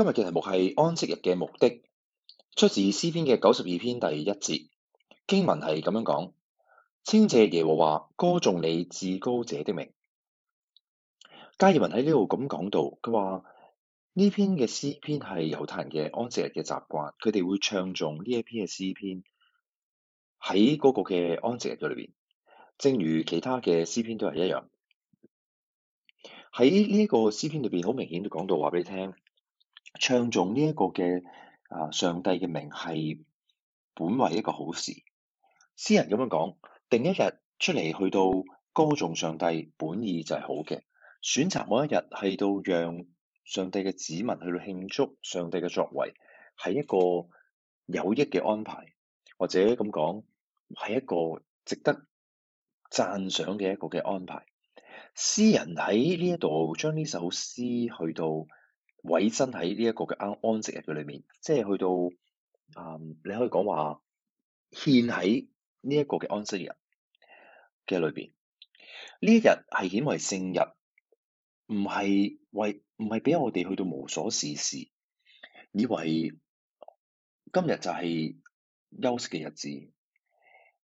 今日嘅題目係安息日嘅目的，出自詩篇嘅九十二篇第一節經文係咁樣講：稱謝耶和華，歌頌你至高者的名。加爾文喺呢度咁講到，佢話呢篇嘅詩篇係猶太人嘅安息日嘅習慣，佢哋會唱誦呢一篇嘅詩篇喺嗰個嘅安息日裏邊，正如其他嘅詩篇都係一樣。喺呢一個詩篇裏邊，好明顯都講到話俾你聽。唱頌呢一個嘅啊上帝嘅名係本為一個好事，詩人咁樣講，定一日出嚟去到歌頌上帝，本意就係好嘅。選擇某一日係到讓上帝嘅子民去到慶祝上帝嘅作為，係一個有益嘅安排，或者咁講係一個值得讚賞嘅一個嘅安排。詩人喺呢一度將呢首詩去到。委身喺呢一個嘅安息日嘅裏面，即係去到，啊、嗯，你可以講話獻喺呢一個嘅安息日嘅裏邊，呢一日係顯為聖日，唔係為唔係俾我哋去到無所事事，以為今日就係休息嘅日子，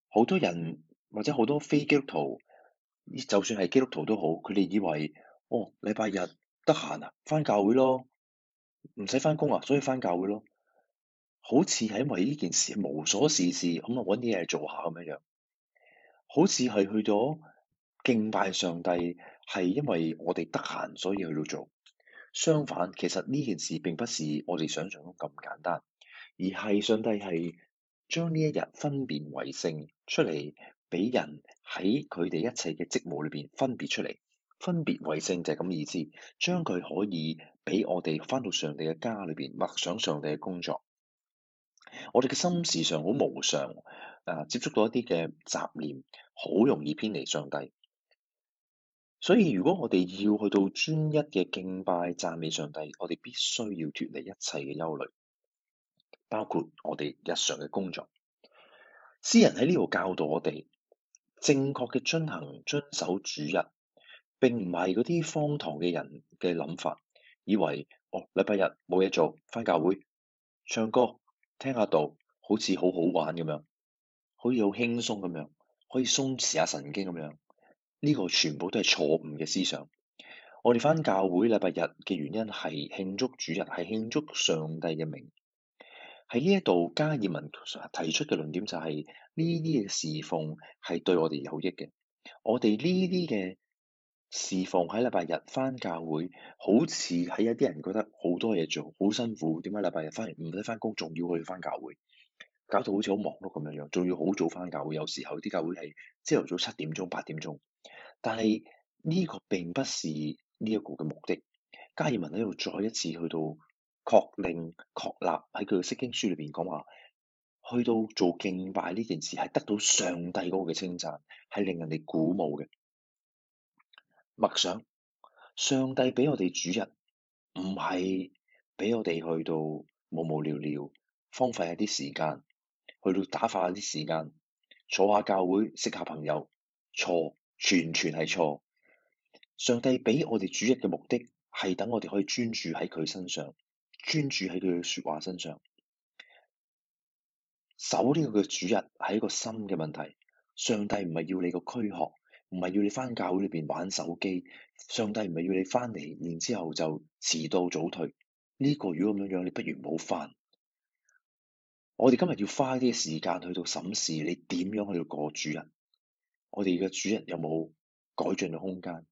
好多人或者好多非基督徒，就算係基督徒都好，佢哋以為哦，禮拜日。得閒啊，返教會咯，唔使返工啊，所以返教會咯。好似係因為呢件事無所事事，咁啊搵啲嘢做下咁樣樣。好似係去咗敬拜上帝，係因為我哋得閒，所以去到做。相反，其實呢件事並不是我哋想象中咁簡單，而係上帝係將呢一日分別為聖出嚟，俾人喺佢哋一切嘅職務裏邊分別出嚟。分別為聖就係，是，咁意思，將佢可以俾我哋返到上帝嘅家裏邊，默想上，上帝嘅工作。我哋嘅心事上好無常，啊，接觸到一啲嘅雜念，好容易偏離上帝。所以，如果我哋要去到專一嘅敬拜讚美上帝，我哋必須要脫離一切嘅憂慮，包括我哋日常嘅工作。詩人喺呢度教導我哋正確嘅進行，遵守主日。並唔係嗰啲荒唐嘅人嘅諗法，以為哦，禮拜日冇嘢做，翻教會唱歌聽下度，好似好好玩咁樣，好似好輕鬆咁樣，可以鬆弛下神經咁樣。呢、這個全部都係錯誤嘅思想。我哋翻教會禮拜日嘅原因係慶祝主人係慶祝上帝嘅名。喺呢一度加爾文提出嘅論點就係呢啲嘅侍奉係對我哋有益嘅，我哋呢啲嘅侍奉喺禮拜日翻教會，好似喺一啲人覺得好多嘢做，好辛苦。點解禮拜日翻嚟唔使翻工，仲要去翻教會，搞到好似好忙碌咁樣樣，仲要好早翻教會。有時候啲教會係朝頭早七點鐘、八點鐘，但係呢個並不是呢一個嘅目的。加爾文喺度再一次去到確認確立喺佢嘅釋經書裏邊講話，去到做敬拜呢件事係得到上帝嗰個嘅稱讚，係令人哋鼓舞嘅。默想，上帝俾我哋主日唔係俾我哋去到無無聊聊、荒廢下啲時間，去到打發下啲時間，坐下教會識下朋友，錯，全全係錯。上帝俾我哋主日嘅目的，係等我哋可以專注喺佢身上，專注喺佢嘅說話身上。守呢個嘅主日係一個心嘅問題，上帝唔係要你個軀殼。唔係要你翻教會裏邊玩手機，上帝唔係要你翻嚟，然之後就遲到早退。呢個如果咁樣樣，你不如唔好翻。我哋今日要花啲時間去到審視你點樣去到過主日。我哋嘅主日有冇改進嘅空間？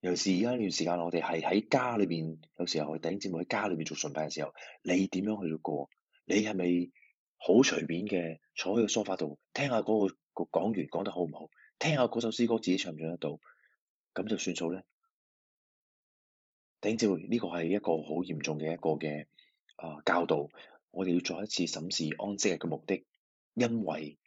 尤其是而家呢段時間，我哋係喺家裏邊，有時候去頂節目喺家裏邊做崇拜嘅時候，你點樣去到過？你係咪好隨便嘅坐喺個梳化度聽下嗰個講員講得好唔好？聽下嗰首詩歌，自己唱唔唱得到，咁就算數咧。頂住呢個係一個好嚴重嘅一個嘅啊、呃、教導，我哋要再一次審視安息日嘅目的，因為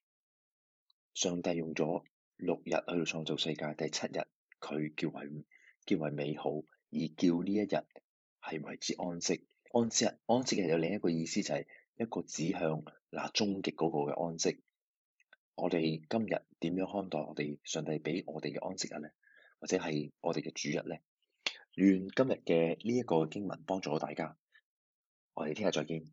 上帝用咗六日去到創造世界，第七日佢叫為叫為美好，而叫呢一日係為之安息。安息日，安息日有另一個意思，就係、是、一個指向嗱終極嗰個嘅安息。我哋今日點樣看待我哋上帝畀我哋嘅安息日咧？或者係我哋嘅主日咧？願今日嘅呢一個經文幫助到大家，我哋聽日再見。